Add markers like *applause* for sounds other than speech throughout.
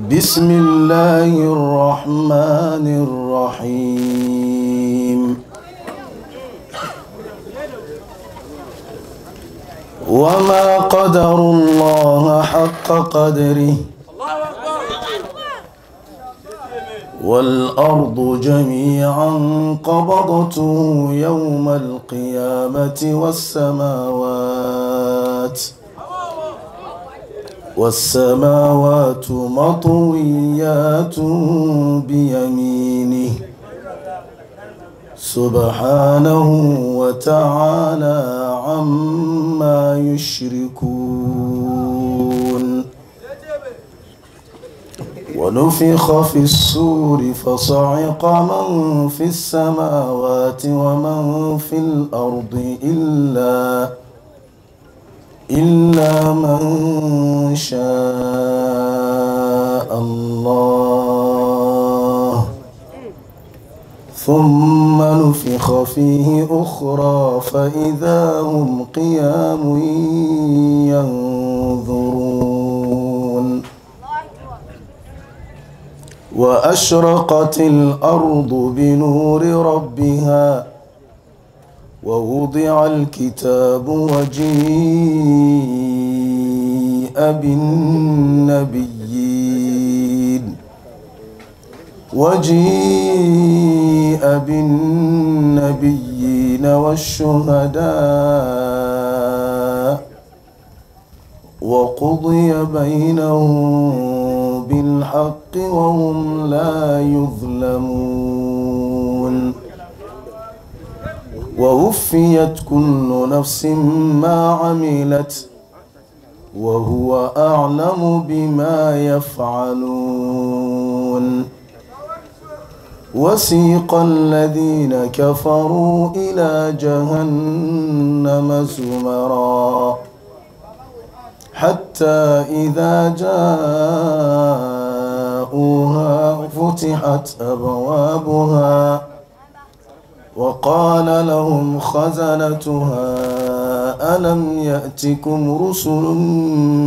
بسم الله الرحمن الرحيم وما قدر الله حق قدره والأرض جميعا قبضته يوم القيامة والسماوات والسماوات مطويات بيمينه سبحانه وتعالى عما يشركون ونفخ في السور فصعق من في السماوات ومن في الأرض إلا إلا من شاء الله ثم نفخ فيه أخرى فإذا هم قيام ينظرون وأشرقت الأرض بنور ربها ووضع الكتاب وجيء بالنبيين وجيء بالنبيين والشهداء وقضي بينهم بالحق وهم لا يظلمون ووفيت كل نفس ما عملت وهو أعلم بما يفعلون وسيق الذين كفروا إلى جهنم زمرا حتى إذا جاءوها فتحت أبوابها وقال لهم خزنتها ألم يأتكم رسل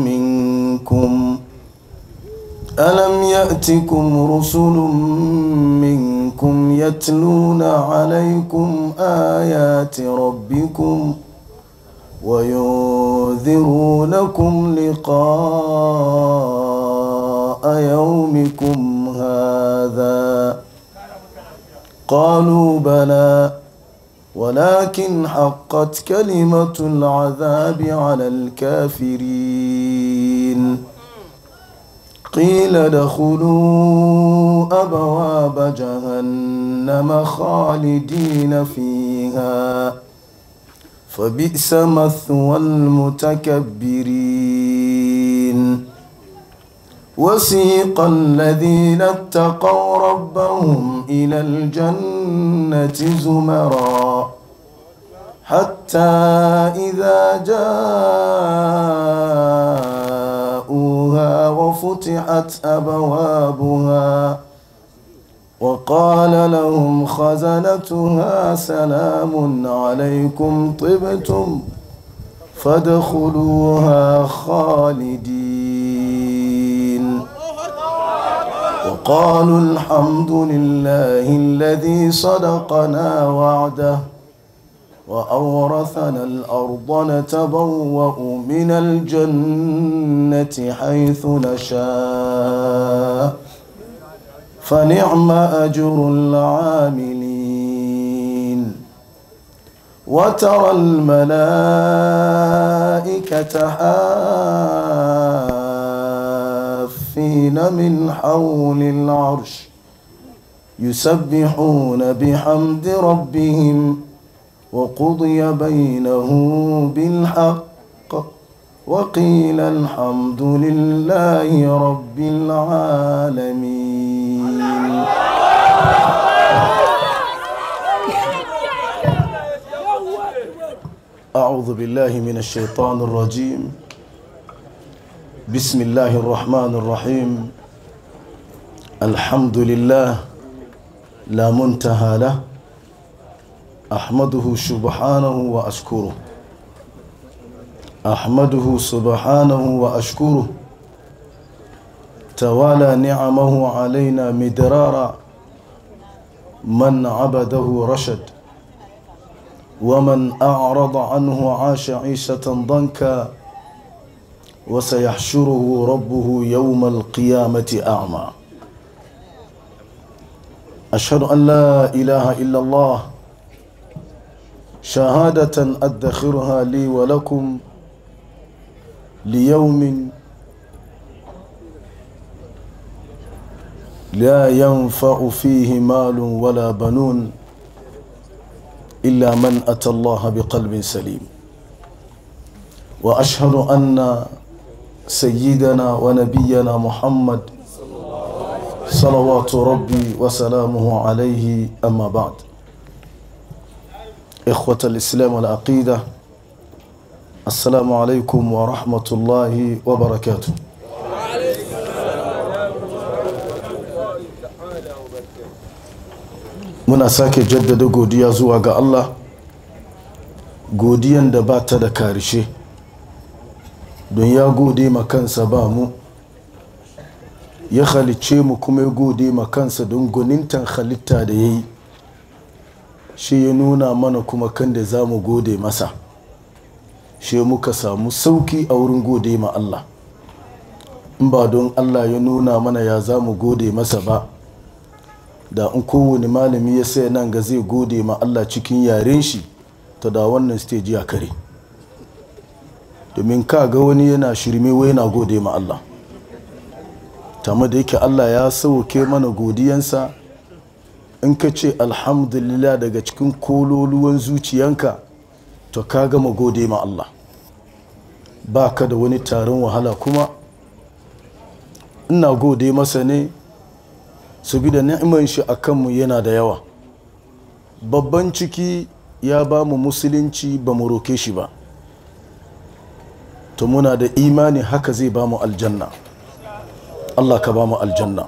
منكم ألم يأتكم رسل منكم يتلون عليكم آيات ربكم وينذرونكم لقاء يومكم هذا قالوا بلى ولكن حقت كلمة العذاب على الكافرين قيل دخلوا أبواب جهنم خالدين فيها فبئس مثوى المتكبرين وسيق الذين اتقوا ربهم إلى الجنة زمرا حتى إذا جاءوها وفتحت أبوابها وقال لهم خزنتها سلام عليكم طبتم فادخلوها خالدين فقالوا الحمد لله الذي صدقنا وعده وأورثنا الأرض نتبوأ من الجنة حيث نشاء فنعم أجر العاملين وترى الملائكة حاملين يستخفين من حول العرش يسبحون بحمد ربهم وقضي بينه بالحق وقيل الحمد لله رب العالمين أعوذ بالله من الشيطان الرجيم بسم الله الرحمن الرحيم الحمد لله لا منتهى له أحمده سبحانه وأشكره أحمده سبحانه وأشكره توالى نعمه علينا مدرارا من عبده رشد ومن أعرض عنه عاش عيشة ضنكا وسيحشره ربه يوم القيامة أعمى أشهد أن لا إله إلا الله شهادة أدخرها لي ولكم ليوم لا ينفع فيه مال ولا بنون إلا من أتى الله بقلب سليم وأشهد أن سيدنا ونبينا محمد صلوات ربي وسلامه عليه أما بعد إخوة الإسلام والعقيدة السلام عليكم ورحمة الله وبركاته من sake جدد godiya zuwa الله Allah godiyan da don ya gode ma kansa ba mu ya halice mu kuma ya gode ma kansa don gwanintan halitta da ya yi shi ya nuna mana kuma kan da za mu gode masa shi muka samu sauki a wurin gode ma Allah in ba don Allah ya nuna mana ya za mu gode masa ba da in kowane malami ya saya nan ga zai gode ma Allah cikin yaren shi ta da wannan stage a kare. domin ka ga wani yana shirme wai yana gode ma Allah tama da yake Allah ya sauke mana godiyansa in ka ce alhamdulillah daga cikin kololuwan zuciyanka to ka gama gode ma Allah ba ka da wani tarin wahala kuma ina gode masa ne su bi da ni'imar shi a kanmu yana da yawa babban ciki ya ba mu musulunci ba mu roke shi ba to muna da imani haka zai ba mu aljanna Allah ka ba mu aljanna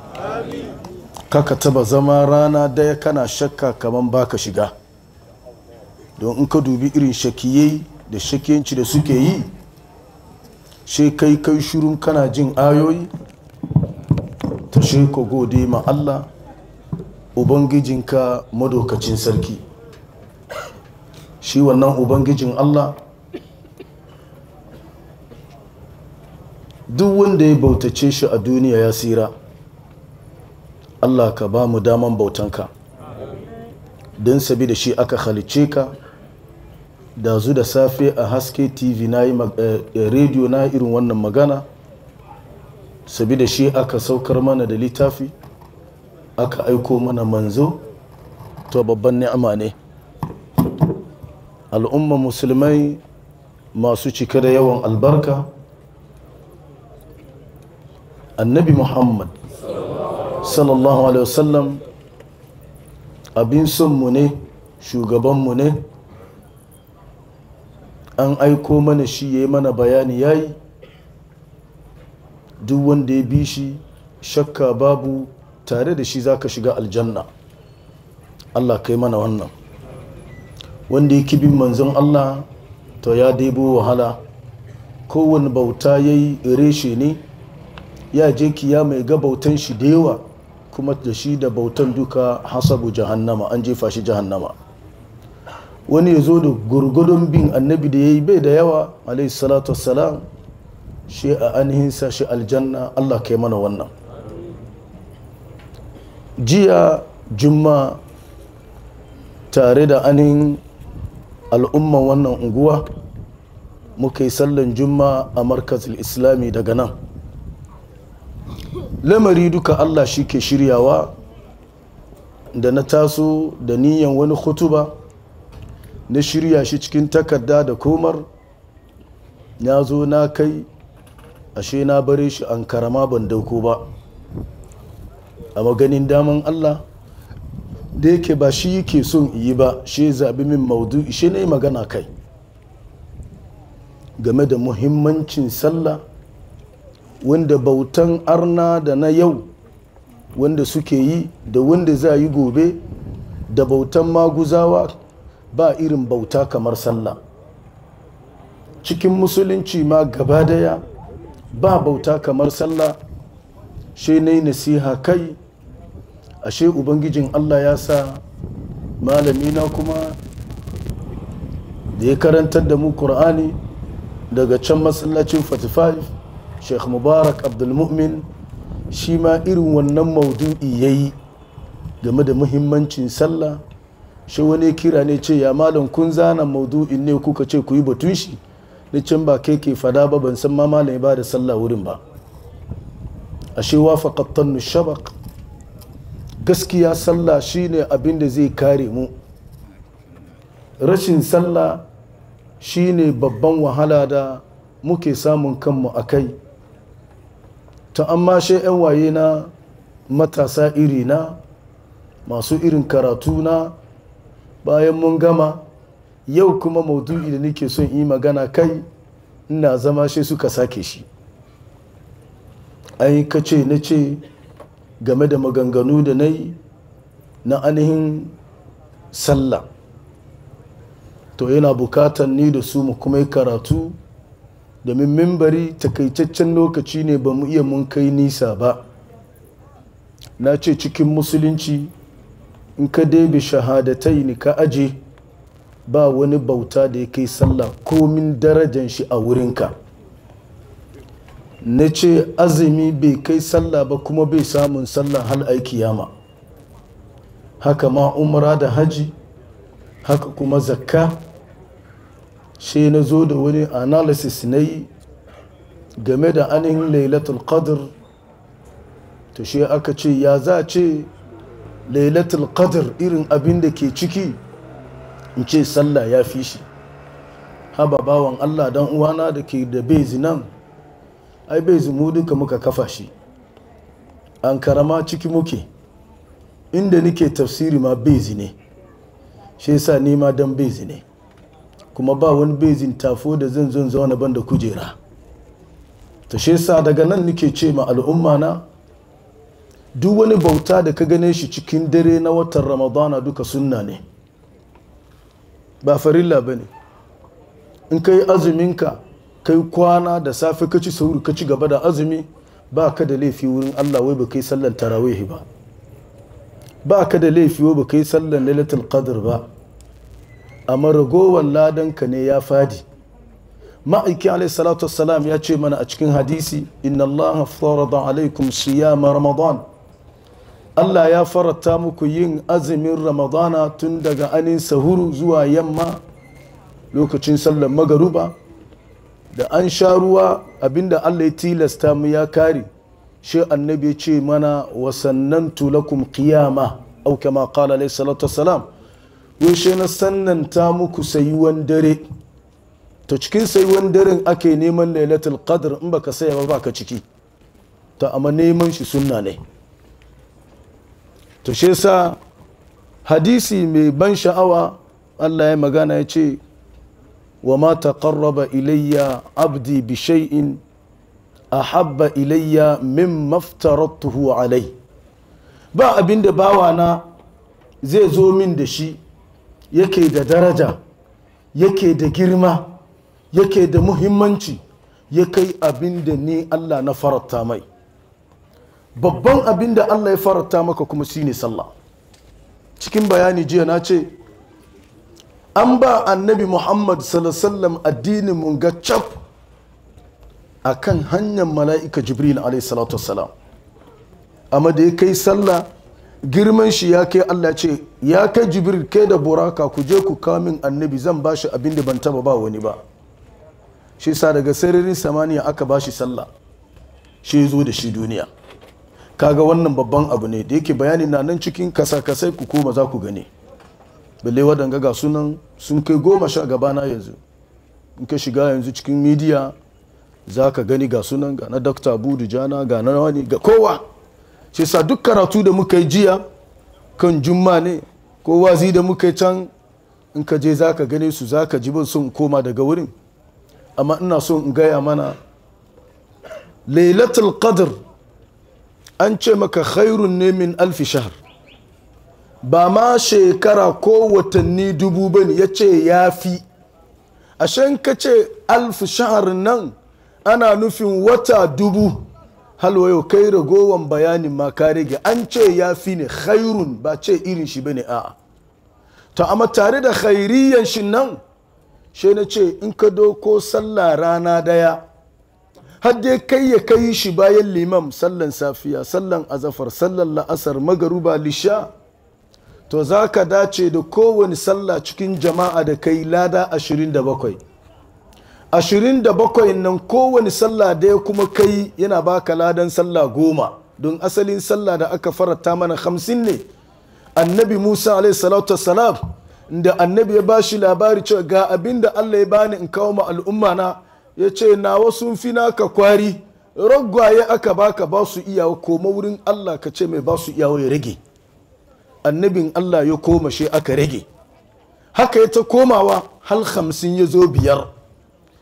kaka taba zama rana daya kana shakka kaman baka shiga don in ka dubi irin shakiyai da shakiyanci da suke yi she kai kai shirun kana jin ayoyi ta she ka gode ma Allah ubangijinka madaukacin sarki shi wannan ubangijin Allah duk wanda ya bautace shi a duniya ya tsira Allah ka ba mu daman bautanka don sabida shi aka halice ka da zu da safe a haske tv na yi eh, eh, rediyo na irin wannan magana sabida shi aka saukar mana da littafi aka aiko mana manzo to babban ni'ama ne al'umma musulmai masu cika da yawan albarka annabi muhammad sallallahu alaihi wasallam abin sonmu ne mu ne an aiko mana shi ya yi mana bayani ya yi duk wanda ya bi shi shakka babu tare da shi zaka shiga aljanna allah kai mana wannan wanda ya kibin manzon allah to ya daibo wahala kowane bauta ya yi reshe ne ya je kiya ya ga bautan shi da yawa kuma da shi da bautan duka hasabu jahannama an je fashi jahannama wani ya zo da gurgudun bin annabi da ya yi bai da yawa alayhi salatu wassalam shi a anihinsa shi aljanna allah kai mana wannan jiya juma tare da anin al'umman wannan unguwa muka yi sallan juma a markazin islami daga nan lamari duka allah shi ke shiryawa da na taso da niyan wani hutuba na shirya shi cikin takarda da komar na zo na kai ashe na bare shi an karama ban dauko ba a maganin daman allah da yake ba shi yake son yi ba shi zabi min maudu shi yi magana kai game da muhimmancin sallah wanda bautan arna da na yau wanda suke yi da wanda za yi gobe da bautan maguzawa ba irin bauta kamar sallah cikin musulunci ma gaba daya ba bauta kamar sallah she na nasiha kai ashe ubangijin allah ya sa malamina kuma da ya karantar da mu kur'ani daga can masallacin 45 sheikh mubarak abdulmu'min shi ma irin wannan maudu'i ya yi game da muhimmancin sallah shi wani kira ne ce ya malam kun zana maudu'in ne kuka ce ku yi batun shi na can ba kai ke fada ba ban san ma malam ba da sallah wurin ba ashe wafaqattan shabaq gaskiya sallah shine abin da zai kare mu rashin sallah shine babban wahala da muke samun kanmu a kai to amma shi 'yan waye na matasa iri na masu irin karatu na bayan mun gama yau kuma maudu'i da nake son yi magana kai ina zama shi suka sake shi an yi kace na ce game da maganganu da na yi na ainihin sallah to yana bukatan ni da su mu kuma yi karatu domin mimbari takaitaccen lokaci ne ba mu iya mun kai nisa ba na ce cikin musulunci in ka daibe shahadatai ne ka aje ba wani bauta da ya kai sallah komin darajan shi a wurinka na ce azumi bai kai sallah ba kuma bai samun sallah hal aiki yama haka ma umra da haji haka kuma zakka shi na zo da wani analysis na yi game da ainihin lailatul qadr to shi aka ce ya za ce lailatul qadr irin abin da ke ciki in ce sallah ya fi shi haba bawan allah dan uwana da ke da bezi nan ai bezi mu duka muka kafa shi an karama ciki muke inda nike tafsiri ma bezi ne shi yasa ni ma bezi ne kuma ba wani bezin tafo da zan zan zauna ban da kujera ta sa daga nan nake ce ma al'umma na duk wani bauta da ka gane shi cikin dare na watan ramadana duka sunna ne ba farilla ba ne in ka yi azuminka ka yi kwana da safe ka ci sauri ka ci gaba da azumi ba ka da laifi wurin allah wai ba yi sallan tarawihi ba ba ka da laifi wai ba yi sallan lailatul qadr ba amma ragowar ladanka ne ya fadi ma'aikin alaihi salatu wassalam ya ce mana a cikin hadisi inna allaha farada alaikum siyama ramadan allah ya farata muku yin azumin ramadana tun daga anin sahuru zuwa yamma lokacin sallar magaruba da an sha ruwa abinda allah ya tilasta mu ya kare shi annabi ya ce mana wasannan lakum qiyama au kama qala alaihi salatu wassalam yaushe na sannan ta muku sayuwan dare ta cikin sayuwan daren ake neman lailatul qadr in baka saya ba baka ciki ta amma neman shi sunna ne to shi sa hadisi mai ban sha'awa Allah ya magana ya ce wa ma taqarraba ilayya abdi bi shay'in ahabba ilayya min maftaratuhu alai ba abinda bawana zai zo min da shi yake da daraja yake da girma yake da muhimmanci ya kai abin da ni Allah na faranta mai babban abin da Allah ya faranta maka kuma shine sallah cikin bayani jiya na ce an ba annabi muhammad sallallam addinin mun ga cap a kan hanyar mala'ika jibril a.s.w. amma da ya kai sallah girman shi ya kai Allah ce ya kai jibril kai da buraka ku je ku kamin annabi zan bashi abin da ban taba ba wani ba shi sa daga sararin samaniya aka ba shi sallah shi zo da shi duniya kaga wannan babban abu ne da yake bayani na nan cikin kasa-kasai ku koma za ku gani balle waɗanga ga sunan sun kai goma sha gabana yanzu in ka shiga yanzu cikin midiya za ka gani ga sunan ga na dakta budu jana ga na wani ga kowa shi sa duk karatu da muka yi jiya kan juma ne ko wazi da muka yi can in ka je za ka gane su za ka ji sun koma daga wurin amma ina sun in gaya mana lailatul qadr an ce maka khairun ne min alfi shahar ba ma shekara ko watanni dubu bane ya ce ya fi ashen ka ce alfi shahar nan ana nufin wata dubu halwayo kai ragowan bayanin ma ka rage an ce ya fi ne khairun ba ce irin shi bane a'a to amma tare da khairiyan shi nan shi na ce in ka doko sallah rana daya har dai kai ya kai shi bayan limam sallan safiya sallan azafar sallan la'asar magaruba lisha to za ka dace da kowane sallah cikin jama'a da kai lada 27 ashirin da bakwai nan kowane sallah da ya kuma kai yana baka ladan sallah goma don asalin sallah da aka farata mana hamsin ne annabi musa alaihi salatu salam da annabi ya bashi labari cewa ga abin da allah ya bani in kawo ma al'umma na ya ce nawa sun fi naka kwari raggwaye aka baka ba su iyawa koma wurin allah ka ce mai ba su iyawa ya rage annabin allah ya koma shi aka rage haka ya ta komawa hal hamsin ya zo biyar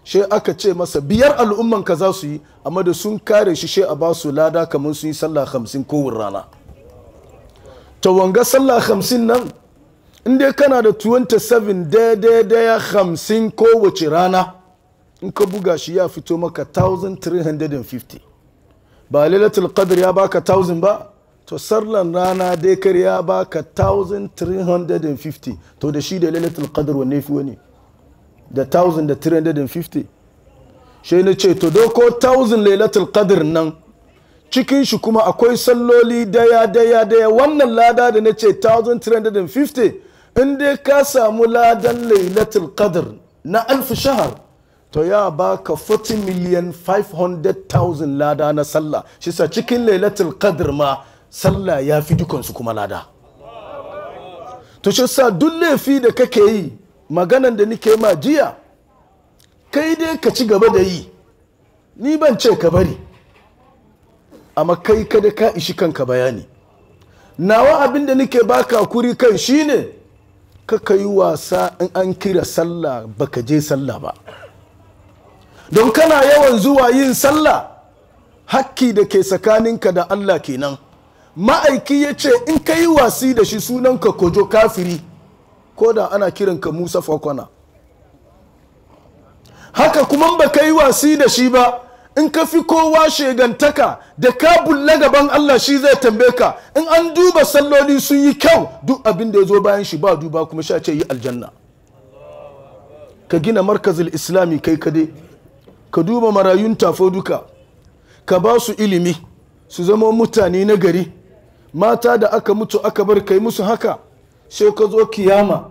shi aka ce masa biyar al'umman ka za su yi amma da sun kare shi shi a ba su lada kamar sun yi sallah hamsin kowane rana ta wanga sallah hamsin nan in dai kana da 27 daidai daya hamsin kowace rana in ka buga shi ya fito maka 1350 ba lailatul qadr ya baka 1000 ba to sarlan rana dai kar ya baka 1350 to da shi da lailatul qadr wanne fi wani da 1350 shi na ce to doko 1000 lailatul qadr nan cikin shi kuma akwai salloli daya daya daya wannan lada da na ce 1350 in dai ka samu ladan lailatul qadr na alf shahar to ya baka 40 miliyan 500,000 lada na sallah shi sa cikin lailatul qadr ma sallah ya fi dukansu kuma lada to shi sa duk laifi da kake yi maganan da nike ma jiya kai dai ka ci gaba da yi ni ban ce ka bari amma kai kada ka ishi kanka bayani nawa abin da nike baka kuri kan shine Ka yi wasa in an kira sallah baka je sallah ba don kana yawan zuwa yin sallah hakki da ke tsakaninka da allah kenan ma'aiki ya ce in ka yi wasi da shi sunan ka kojo kafiri ko da ana kiran ka musa fokona haka kuma ba ka yi wasi da shi ba in ka fi kowa shegantaka da ka bulle gaban Allah shi zai tambaye ka in an duba salloli sun yi kyau duk abin da ya zo bayan shi ba duba kuma sha ce yi aljanna ka gina markazul islami kai kade ka duba marayun tafo duka ka ba su ilimi su zama mutane na gari mata da aka mutu aka bar kai musu haka sai ka zo kiyama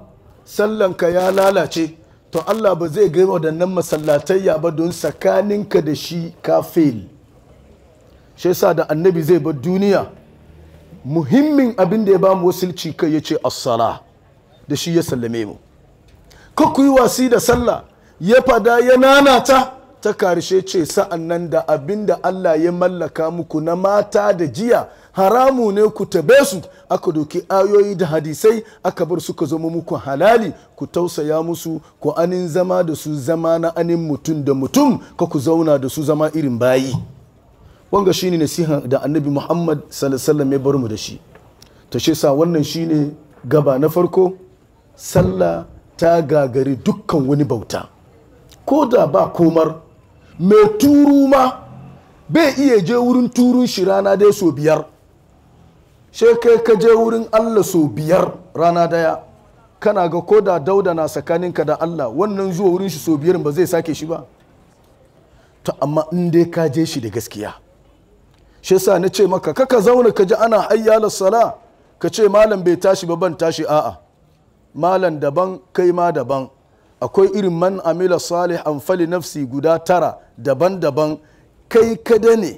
sallanka ya lalace to Allah ba zai gaiwa waɗannan ya ba don tsakaninka da shi ka fail shi yasa da annabi zai bar duniya muhimmin abin da ya ba mu wasilci kai ya ce assala da shi ya sallame mu ka ku yi wasi da sallah ya fada ya nanata ta karshe ce sa'an nan da abin da Allah ya mallaka muku na mata da jiya haramu ne ku tabe su aka doki ayoyi da hadisai aka bar suka zama muku halali ku tausaya musu ku anin zama da su zama na anin mutum da mutum ka ku zauna da su zama irin bayi wanga shi ne nasiha da annabi muhammad sallallahu ya bar mu da shi ta shi sa wannan shi ne gaba na farko sallah ta gagari dukkan wani bauta ko da ba komar mai turu ma bai iya je wurin turun shi rana dai so biyar sai kai ka je wurin allah so biyar rana daya kana ga ko da dauda na tsakaninka da allah wannan zuwa wurin shi so biyar ba zai sake shi ba to amma in dai ka je shi da gaskiya shi sa na ce maka kaka zauna ka ji ana hayyala sala ka ce malam bai tashi ba ban tashi a'a malam daban kai ma daban akwai irin man amila salih an fali nafsi guda tara daban-daban kai kada ne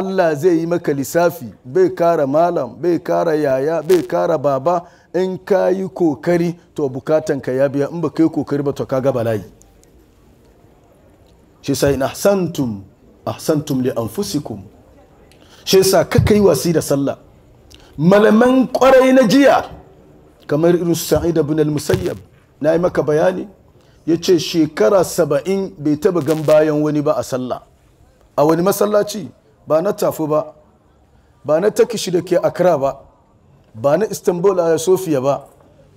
Allah zai yi maka lissafi bai kara malam bai kara yaya bai kara baba in ka yi kokari to bukatan ka ya biya in ba ka yi kokari ba to ka ga balayi. shi sai in ahsantum ahsantum li anfusikum shi sa ka yi wasi da sallah malaman kwarai na jiya kamar irin sa'id ibn al-musayyab na yi maka bayani ya ce shekara saba'in bai taba gan bayan wani ba a sallah a wani masallaci ba na tafi ba ba na takishi da ke akra ba ba na istanbul a sofiya ba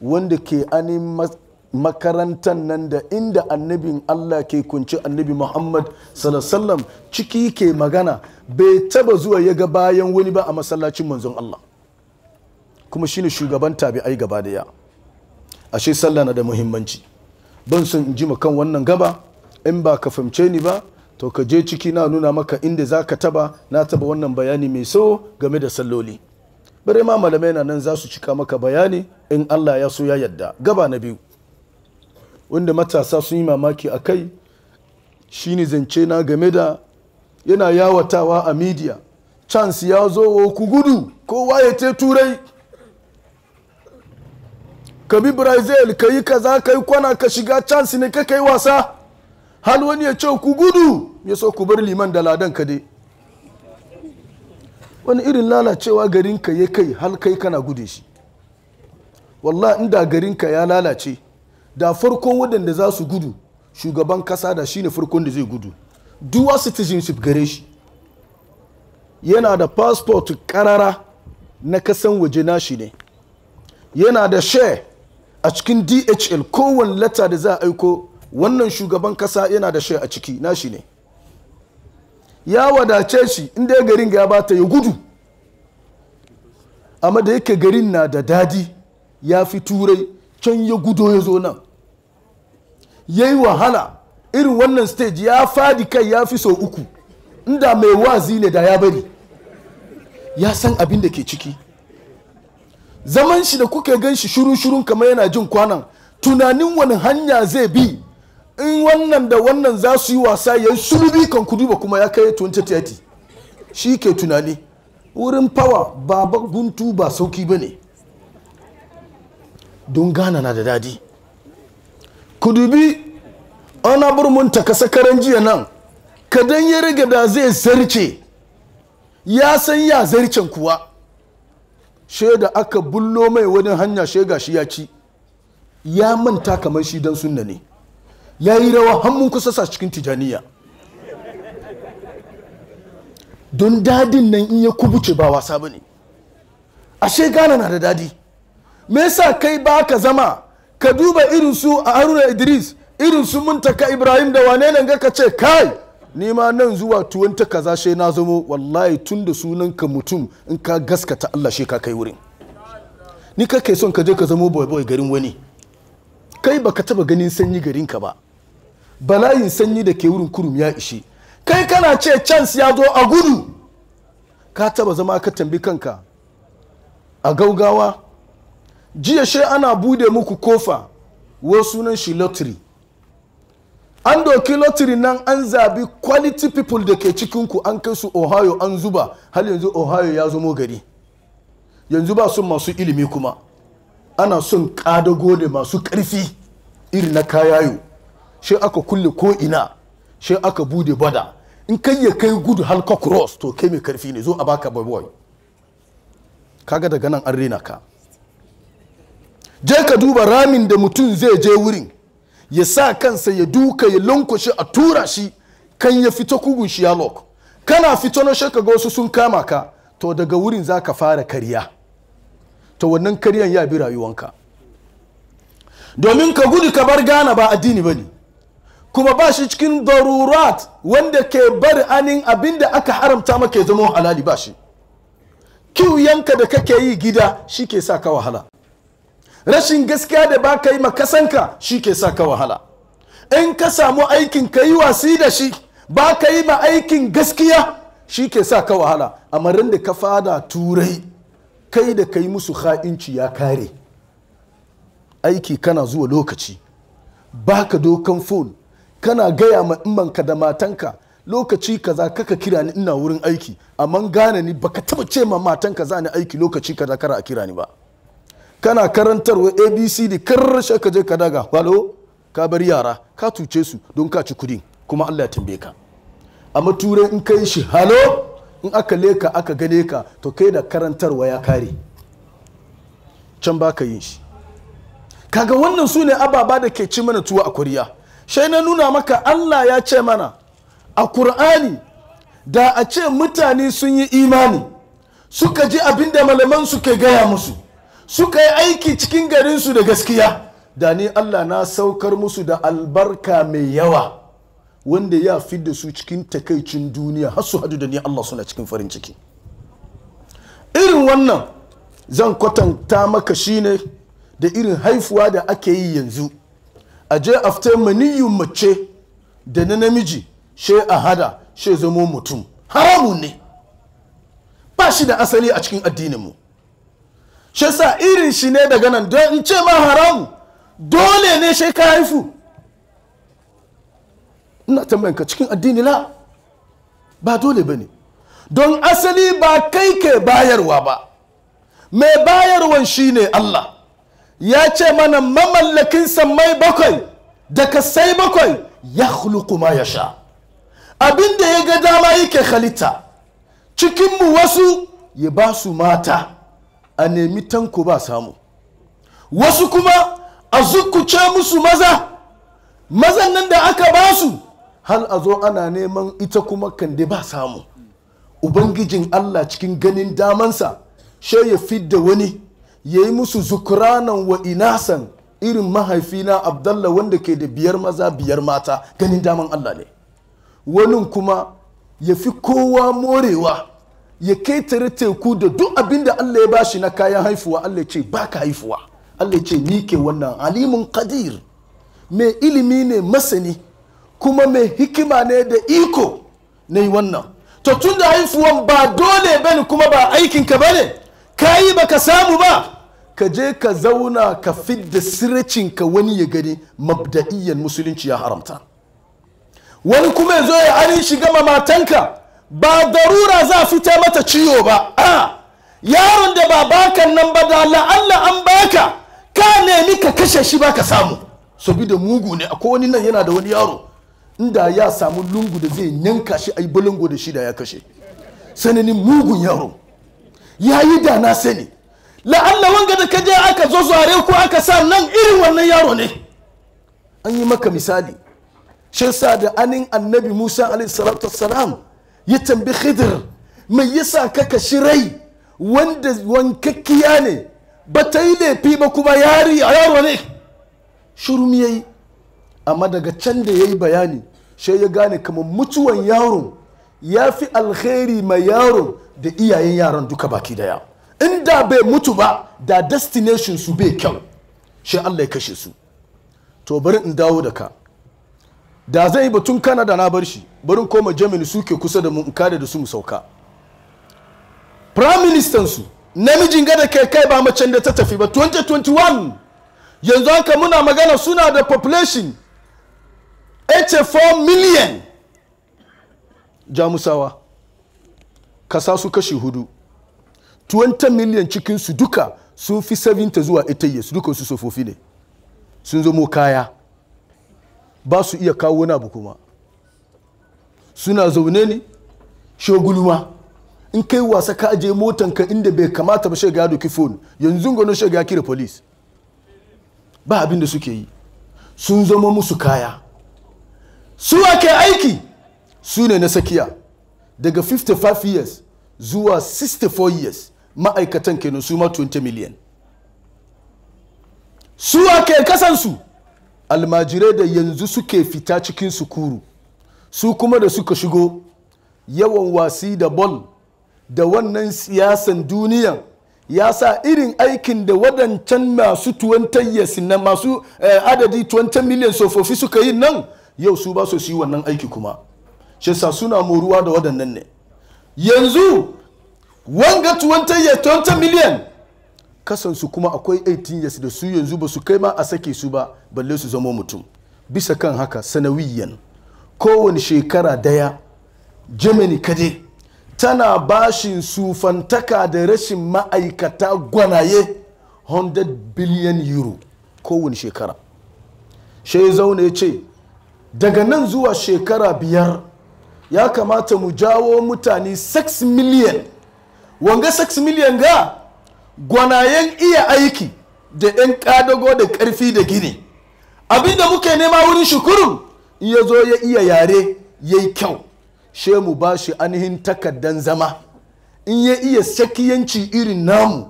wanda ke anin makarantar nan da inda annabin allah ke kunci annabi muhammad sallallahu ciki ke magana bai taba zuwa ya ga bayan wani ba a masallacin manzon allah kuma shine shugaban tabi'ai gaba da daya ashe sallah na da muhimmanci ban son in ji ma kan wannan gaba in ba ka fahimce ni ba to ka je ciki na nuna maka inda za ka taba na taba wannan bayani mai so game da salloli bare ma malamai na nan za su cika maka bayani in allah ya so ya yadda gaba na biyu wanda matasa sun yi mamaki a kai shi ne zance na game da yana yawatawa a midiya chance ya zo ku gudu kowa ya te turai ka bi brazil ka yi kaza ka yi kwana ka shiga chance ne ka kai wasa hal wani ya ce ku gudu ya so ku bar liman da ladan ka dai wani irin lalacewa garinka ya kai hal kai kana gude shi wallah inda garinka ya lalace da farkon wadanda za su gudu shugaban kasa da shine farkon da zai gudu duwa citizenship gare shi yana da passport karara na kasan waje nashi ne yana da share a cikin dhl kowane lata da za a aiko wannan shugaban kasa yana da shi a ciki na shi ne ya wadace shi inda ya garin ya bata ya gudu amma da yake garin na da dadi ya fi turai can ya gudo ya zo nan ya yi wahala irin wannan stage ya fadi kai ya fi sau uku inda mai wazi ne da ya bari ya san abin da ke ciki zaman shi da kuke gan shi shuru-shurun kamar yana jin kwanan tunanin wani hanya zai bi in wannan da wannan za su yi wasa ya yi sulubi kan kudu ba kuma ya kai 2030 shi ke tunani wurin fawa ba guntu ba sauki ba ne don gana na da dadi kudubi dubi ana burmun ta kasa jiya nan kadan ya riga da zai zarce ya san ya zarcen kuwa shaida aka bullo mai wani hanya shega shi ya ci ya manta kamar shi dan sunna ne ya yi rawa hannun kusa sa cikin tijaniya don dadin nan in ya kubuce ba wasa ba ne ashe gana na da dadi me yasa kai ba ka zama ka duba irin su a haruna idris irin su muntaka ibrahim da wane nan ga ka ce kai ni ma nan zuwa tuwon ta kaza shi na zamo wallahi tun da sunan sunanka mutum in ka gaskata Allah shi ka kai wurin ni kake son ka je ka zamo boy boy garin wani kai baka taba ganin sanyi garin ka ba bala'in sanyi da ke wurin kurum ya ishe kai kana ce chance ya zo a gudu ka taba zama ka tambi kanka a gaugawa jiya she ana bude muku kofa wasu sunan shi lottery an doki lotiri nan an zabi quality people da ke cikinku an kai su ohio an zuba har yanzu ohio ya zama gari yanzu ba sun masu ilimi kuma ana son kadago da masu karfi iri na kayayo shi aka kulle ko ina shi aka bude bada in kai ya kai gudu halka cross to kai mai karfi ne zo a baka boy kaga daga nan an rena ka je ka duba ramin da mutum zai je wurin ya sa kansa ya duka ya lankwashe a tura shi kan ya fita kugun shi ya lok kana fito na shaka ga wasu sun kama ka to daga wurin za ka fara kariya to wannan karyan ya bi rayuwanka domin ka gudu ka bar gana ba addini ba ne kuma ba shi cikin darurat wanda ke bar anin abin da aka haramta maka ya zama halali ba shi kiwuyanka da kake yi gida shi ke sa ka wahala rashin gaskiya da ba ka yi makasanka shi ke sa ka wahala in ka samu aikin ka yi wasi da shi ba ka yi ma aikin gaskiya shi ke sa ka wahala amma ran da ka fada turai kai da ka yi musu ha'inci ya kare aiki kana zuwa lokaci ba ka dokan fon kana gaya ma imanka da matanka lokaci kaza kaka kira ni ina wurin aiki amma gane ni baka taba ce ma matanka za ni aiki lokaci kaza kara a kira ni ba kana karantarwa abcd karshe ka je ka daga walo ka bar yara ka tuce su don ka ci kudin kuma allah ya tambaye ka amma turai in kai shi halo in aka leka aka gane ka to kai da karantarwa ya kare can ba ka yin shi kaga wannan su ne ababa da ke ci mana tuwa a kuriya shai na nuna maka allah ya ce mana a kur'ani da a ce mutane sun yi imani suka ji abin da malaman suke gaya musu suka yi aiki cikin garinsu da gaskiya da ni Allah na saukar musu da albarka mai yawa wanda ya fi da su cikin takaicin duniya har su hadu da ni Allah suna cikin farin ciki irin wannan zan kwatanta maka shine da irin haifuwa da ake yi yanzu a je after maniyyun mace da na namiji she a hada she zamo mutum haramun ne ba shi da asali a cikin addininmu shi sa irin shi ne daga nan don in ce ma haram dole ne shi ka haifu ina tambayin cikin addini la ba dole ba ne don asali ba kai ke bayarwa ba mai bayarwan shi ne Allah ya ce mana mamallakin sammai bakwai da sai bakwai ya ma ya sha abin da ya ga dama yake halitta cikinmu wasu ya ba su mata a nemi tanko ba samu wasu kuma a zukuce musu maza mazan nan da aka ba su hal a zo ana neman ita kuma kande ba samu ubangijin allah cikin ganin damansa she ya fidda wani ya yi musu zukuranan wa inasan irin mahaifina abdalla wanda ke da biyar maza biyar mata ganin daman allah ne wani kuma ya fi kowa morewa ya ketare teku da duk abin da Allah ya bashi na kayan haifuwa Allah ya ce ba ka haifuwa Allah ya ce ni ke wannan alimun qadir mai ilimi ne masani kuma mai hikima ne da iko na wannan to tun da haifuwan ba dole ne kuma ba aikinka bane ka yi ka samu ba ka je ka zauna ka fidda ka wani ya gani mabda'iyyan musulunci ya haramta wani kuma ya zo ya arin shiga matanka ba darura za a fita mata ciwo ba a *clears throat* yaron da ba baka nan ba da la'alla an baka ka nemi ka kashe shi ba ka samu saboda mugu ne akwai wani nan yana da wani yaro inda ya samu lungu da zai yanka shi a yi balango da shi da ya kashe sananin mugun yaro ya yi da na sani la'alla wanga da ka je aka zo zuware ko aka sa nan irin wannan yaro ne an yi maka misali shi sa da anin annabi musa alaihi salatu ya tambi khidir mai yasa ka kashi rai wanda wankakkiya ne ba ta yi laifi ba kuma yari a yaro ne shurum ya yi amma daga can da ya yi bayani shi ya gane kamar mutuwan yaro ya fi alkhairi mai yaro da iyayen yaran duka baki daya inda bai mutu ba da destination su bai kyau shi allah ya kashe su to bari in dawo da ka da zai yi batun kanada na bar shi barin koma germany suke kusa da mu in kada da su mu sauka prime minister su namijin gada kai kai ba macen da ta tafi ba 2021 yanzu haka muna magana suna da population 84 million jamusawa kasa su kashi hudu 20 million cikinsu duka sun fi 70 zuwa 80 duka su sofofi ne sun zamo kaya ba su iya kawo wani abu kuma suna zaune ne shoguluma in kai wasa ka aje ka inda bai kamata ba shiga doki phone yanzu gano shiga ya kira police ba abin da suke yi sun zama musu kaya su ake aiki su ne na sakiya daga 55 years zuwa 64 years ma'aikatan kenan su ma 20 million su ake kasansu almajirai da yanzu suke fita cikin sukuru su kuma da suka shigo yawan wasi da bol da wannan siyasan duniya ya sa irin aikin da wadancan masu tuwantayyasi na masu eh, adadi 20 miliyan sofofi suka yi nan yau su ba su yi wannan aiki kuma shi sa suna moruwa da waɗannan ne yanzu wanga 20 miliyan kasansu kuma akwai 18 years da su yanzu ba su kai ma a sake su ba balle su zama mutum bisa kan haka sanawiyan kowane shekara daya germany kaje tana bashin sufantaka da rashin ma'aikata gwanaye 100 billion euro kowane shekara shai zaune ya ce daga nan zuwa shekara biyar ya kamata mu jawo mutane 6 million wanga 6 million ga gwanayen iya aiki da 'yan ƙadago da ƙarfi da gini abinda muke nema wurin shukurun ya zo ya iya yare ya yi kyau she mu ba shi ainihin takardan zama in ya iya sakiyanci irin namu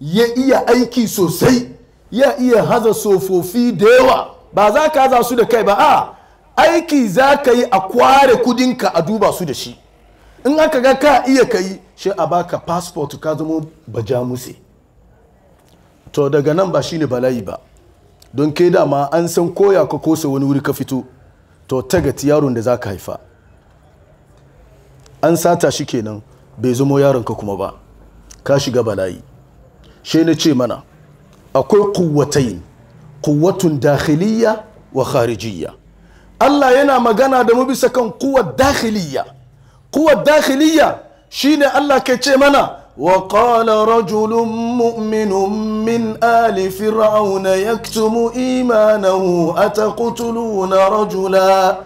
ya iya aiki sosai ya iya haza sofofi da yawa ba za ka haza su da kai ba a aiki za ka yi a kware kudinka a duba su da shi in aka ga ka iya ka yi shi a baka passport ka zama bajamuse to daga nan ba shine balayi ba don ke dama an san koya ka kose wani wuri ka fito to tagati yaron da za ka haifa an sata shi kenan bai zamo yaron ka kuma ba ka shiga balayi shi na ce mana akwai kuwatai kuwatun dakhiliya wa kharijiyya Allah yana magana da mu bisa kan kuwa dakhiliya kuwa dakhiliya shine Allah ke ce mana wa kala rajulun mu'minun min ali fir'auna yaktumu imanahu ataqtuluna rajula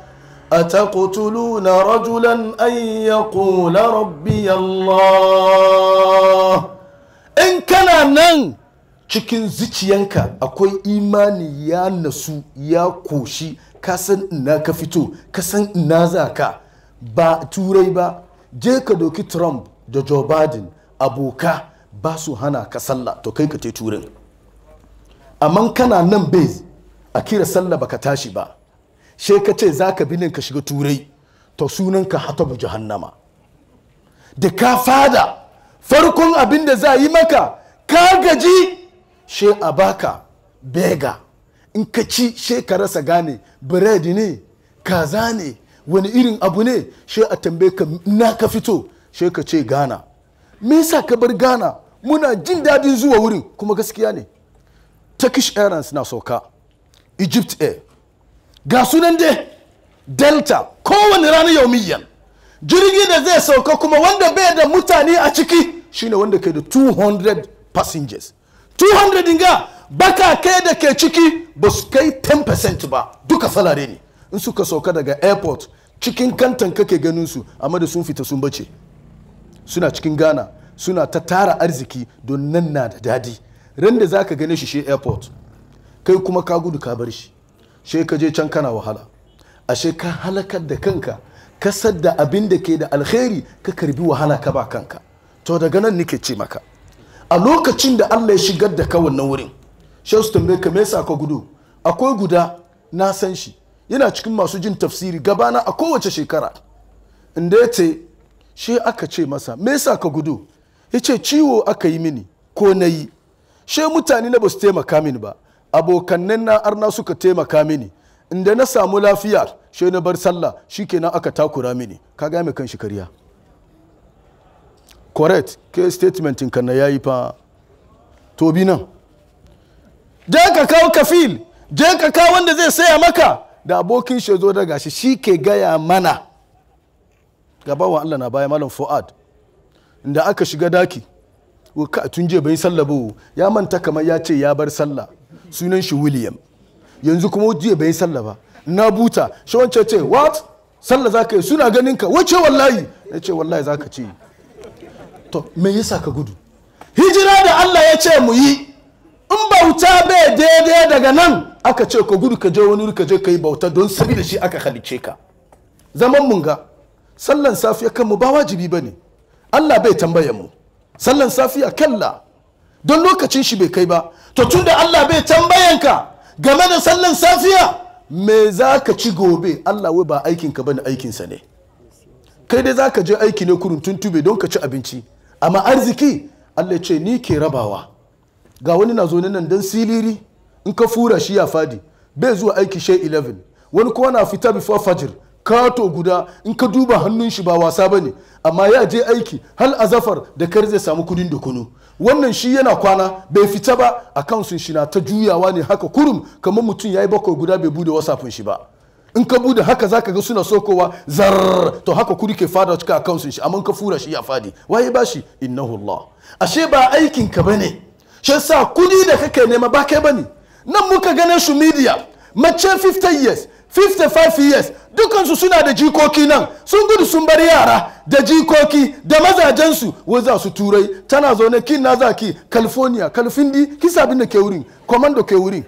rajulan an ya kula rabbi الله In kana nan cikin zuciyanka akwai imani ya nasu ya koshi ka san ina ka fito ka san ina za ka ba turai ba je ka doki trump da joe biden aboka ba su hana ka sallah to kai ka te turin amma kana nan base a kira sallah baka tashi ba she ka ce za ka binin ka shiga turai to sunan ka bu jahannama da ka fada farkon abin da za yi maka ka gaji she a baka bega in ka ci she ka rasa gane biredi ne kaza ne wani irin abu ne shi a tambaye ka na ka fito shi ka ce ghana me yasa ka bar ghana muna jin dadin zuwa wurin kuma gaskiya ne turkish airlines na sauka egypt air ga sunan dai delta kowane ranar yaumiyyan jirgi da zai sauka kuma wanda bai da mutane a ciki shine wanda ke da 200 passengers 200 dinga baka kai da ke ciki ba su kai 10% ba duka salare ne in suka sauka daga airport cikin kantan kake ganin su amma da sun fita sun bace suna cikin ghana suna ta tara arziki don nan na da dadi randa za ka gane shi shi airport kai kuma ka gudu ka bar shi shi ka je can kana wahala ashe ka halakar da kanka ka sadda abin da ke da alkhairi ka karbi wahala ka ba kanka to daga nan nake ce maka a lokacin da Allah ya shigar da ka wannan wurin shi su tambaye ka me yasa ka gudu akwai guda na san shi yana cikin masu jin tafsiri gabana a kowace shekara inda ya ce shi aka ce masa me yasa ka gudu ya ce ciwo aka yi mini ko na yi she mutane na ba su taimaka mini ba abokannin na arna suka taimaka mini inda na samu lafiya she na bar sallah shi na aka takura mini ka gami kan shi kariya correct ke statement ka na yayi fa to nan je ka kawo kafil je ka kawo wanda zai saya maka da abokin shi zo daga shi shi ke gaya mana gabawan Allah na baya malam fu'ad da aka shiga daki ka tun je bai sallah ba ya manta kamar ya ce ya bar sallah sunan shi william yanzu kuma jiya bai sallah na buta shi wance ce what sallah za ka yi suna ganin ka wace wallahi ya ce wallahi za ka ce to me yasa ka gudu hijira da Allah ya ce mu yi in bauta bai daidai daga nan aka ce ka gudu ka je wani wuri ka je ka yi bauta don sabida shi aka halice ka zaman mun ga sallan safiya mu ba wajibi bane allah bai tambayan mu sallan safiya kalla don lokacin shi bai kai ba to tunda allah bai tambayan ka game da sallan safiya me za ka ci gobe allah wai ba aikin ka ba ne aikinsa ne kai dai za ka je aiki ne kurun tuntube don ka ci abinci amma arziki allah ce ni ke rabawa ga wani na zo nan don siliri in ka fura shi ya fadi bai zuwa aiki shai 11 wani kuma na fita before fajir kato guda in ka duba hannun shi ba wasa ba ne amma ya je aiki hal azafar da kar zai samu kudin da kunu wannan shi yana kwana bai fita ba a kansun shi na ta juyawa ne haka kurum kamar mutum ya yi bakwai guda bai bude wasafin shi ba in ka bude haka zaka ga suna sokowa zar to haka kuri ke fada cika kansun shi amma ka fura shi ya fadi waye ba shi innahu Allah ashe ba aikin ka bane shi sa kudi da kake nema ba kai bane nan muka ganin su media mace 50 years 55 years dukansu suna da jikoki nan sun gudu sun bar yara da jikoki da mazajensu wai za su turai tana zaune kin na za ki california kalfindi kisa abin da ke wurin komando ke wurin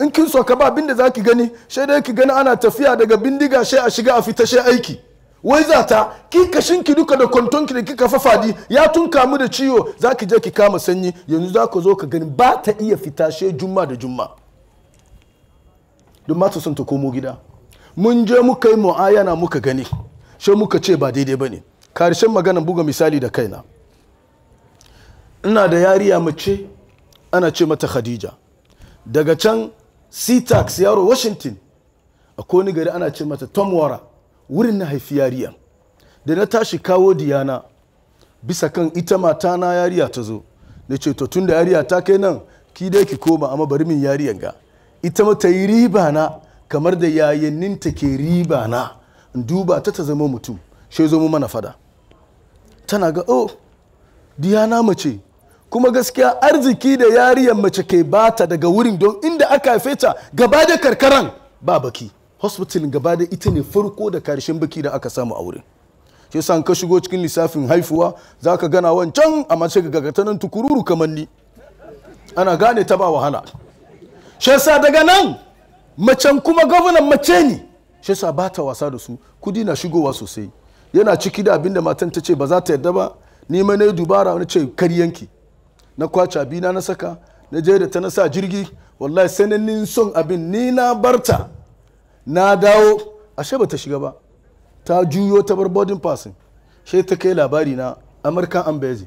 in kin so ka ba abin da za ki gani shaidai ki gani ana tafiya daga bindiga shai a shiga a fita shai aiki wai za ta ki kashinki duka da ki da kika fafadi ya tun kamu da ciwo za ki je ki kama sanyi yanzu za ka zo ka gani ba ta iya fita she juma da juma don mata sun ta komo gida mun je muka yi mu'ayana muka gani she muka ce ba daidai ba ne karshen magana buga misali da kaina ina da yariya mace ana ce mata khadija daga can sea tax yaro washington a wani gari ana ce mata tom wara wurin na haifi yariya da na tashi kawo diyana bisa kan ita matana yariya ta zo na ce to tun da yariya ta kai nan ki dai ki koma amma bari min yariyan ga ita ma ta yi riba na kamar da yayanninta ke riba na in duba ta ta zama mutum shi zo mana fada tana ga oh diyana mace kuma gaskiya arziki da yariyan mace ke bata daga wurin don inda aka haife ta gaba da karkaran ba baki hospital gaba da ita ne farko da karshen baki da aka samu a wurin shi san ka shigo cikin lissafin haifuwa za ka gana wancan amma sai ga gagata nan tukururu kamar ni ana gane ta ba wahala shi sa daga nan macen kuma gwamnan mace ni shi sa ba ta wasa da su kudi na shigowa sosai yana ciki da abinda matan ta ce ba za ta yadda ba ni ma na dubara na ce karyanki na kwace bina na saka na je da ta na sa jirgi wallahi sananin son abin ni na barta na dawo ashe ba ta shiga ba ta juyo ta bar boarding passing she ta kai labari na american embassy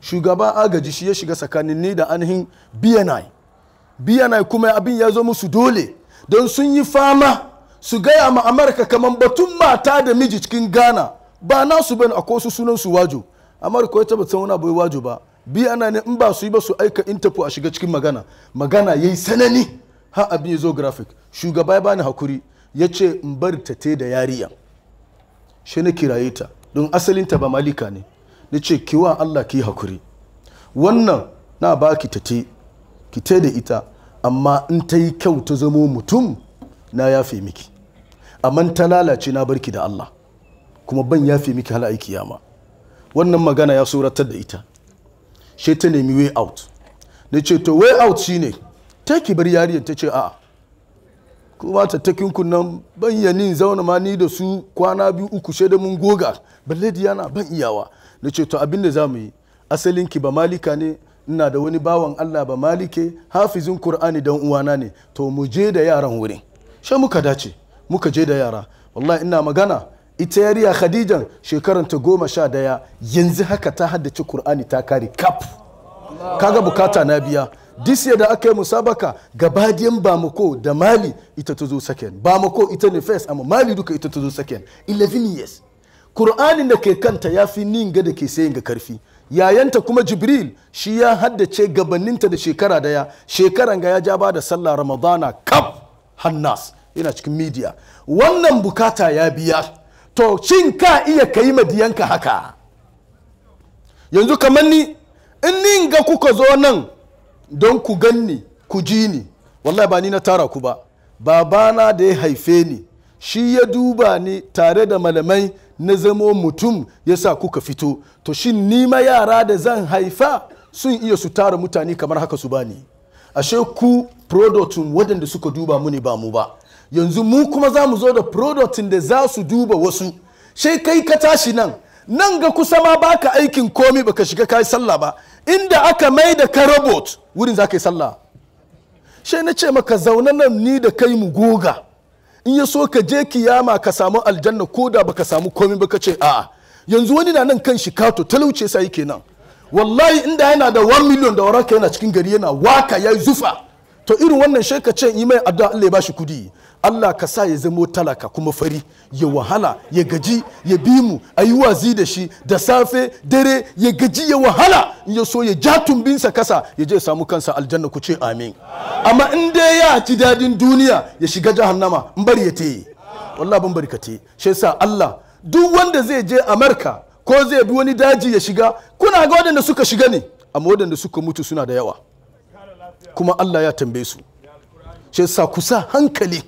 shugaba agaji shi ya shiga tsakanin ni da ainihin bni bni kuma abin ya zo musu dole don sun yi fama su gaya ma amurka kamar batun mata da miji cikin ghana ba na su bane akwai su sunan su wajo amurka ya tabbata wani abu wajo ba bni ne in ba su yi ba su aika interpol a shiga cikin magana magana ya yi sanani ha abin ya zo graphic shugaba ya bani hakuri ya ce in bar ta te da yariya shi na kiraye ta don asalinta ba malika ne na ce kiwa allah ki hakuri wannan na baki ta te ki te da ita amma in ta yi kyau ta zamo mutum na yafe miki amma ta lalace na barki da allah kuma ban yafe miki hala aiki yama wannan magana ya suratar da ita shi ta nemi way out na ce to way out shine ta ki bar yariyar ta ce a'a kuma ta takin nan ban zauna ma ni da su kwana biyu uku shaida mun goga balle diyana ban iyawa na ce to abin da za mu yi asalin ki ba malika ne ina da wani bawan Allah ba malike hafizin Kur'ani dan uwana ne to mu je da yaran wurin sai muka dace muka je da yara wallahi ina magana ita yariya Khadijan shekaran ta goma sha daya yanzu haka ta haddace Kur'ani ta kare kaf kaga bukata na biya disiya da aka yi musabaka gabadiyan bamako da mali ita ta zo second bamako ita ne first amma mali duka ita ta zo second 11 years kur'anin da ke kanta ya fi ninga da ke sayin ga karfi yayanta kuma jibril shi ya haddace gabaninta da shekara daya shekaran ga ya ja ba da sallah ramadana kaf hannas yana cikin media wannan bukata ya biya to shin ka iya kai madiyanka haka yanzu kamar ni in ga kuka zo nan don ku ganni ku ji ni wallahi ba ni na tara ku ba babana da ya haife ni shi ya duba ni tare da malamai na zamo mutum ya sa kuka fito to shi nima yara da zan haifa sun iya su tara mutane kamar haka su bani ashe ku prodotin waɗanda suka duba mu ne ba mu ba yanzu mu kuma za mu zo da prodotin da za su duba wasu sai kai ka tashi nan nan ga kusa ma baka aikin komi baka shiga kai sallah ba inda aka mai da ka robot wurin za ka yi sallah shi na ce maka zaune nan ni da kai mu goga in ya so ka je kiyama ka samu aljanna ko da baka samu komi ba ka ce a'a yanzu wani na nan kan shi kato talauce sai kenan wallahi inda yana da 1 million da waraka yana cikin gari yana waka yayi zufa to irin wannan shi ka ce yi mai addu'a Allah ya bashi kudi Allah ka sa ya zamo talaka kuma fari ya wahala ya gaji ya bi mu a yi wazi da shi da safe dare ya gaji ya wahala ya so ya ja tumbinsa kasa ya je samu kansa aljanna ku ce amin amma in dai ya ci dadin duniya ya shiga jahannama in bari ya te wallahi ban bari ka te shi yasa Allah duk wanda zai je Amerika ko zai bi wani daji ya shiga kuna ga waɗanda suka shiga ne amma waɗanda suka mutu suna da yawa kuma Allah ya tambaye su shi sa ku hankali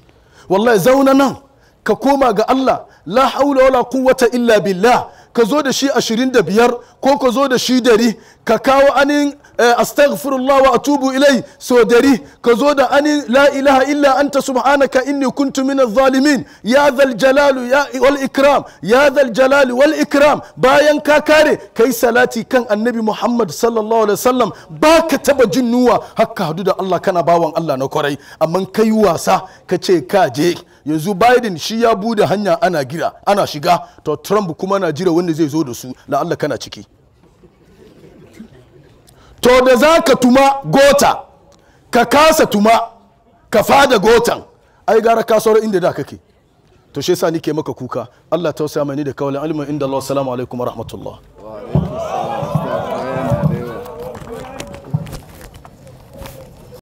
wallahi zauna nan ka koma ga Allah la haula wala quwwata illa billah ka zo da shi ashirin da biyar ko ka zo da shi dari ka kawo anin Eh, astaghfirullah a tubu ilai so dari ka zo da ani la ilaha illa anta subhanaka inni kuntu min zalimin ya zal jalali wal ikram ya zal jalali wal ikram bayan ka kare kai salati kan annabi muhammad sallallahu alaihi wasallam baka taɓa jin nuwa hakka hadu da Allah kana bawan Allah na kwarai amma kai wasa ka ce ka je yanzu biden shi ya bude hanya ana gida ana shiga to trump kuma na jira wanda zai zo da su la Allah kana ciki to da za ka tuma gota ka kasa tuma ka fada gotan ai gara ka sauro inda da kake to shi yasa nike maka kuka Allah mai mani da kawalin alimin inda Allah assalamu alaikum wa rahmatullah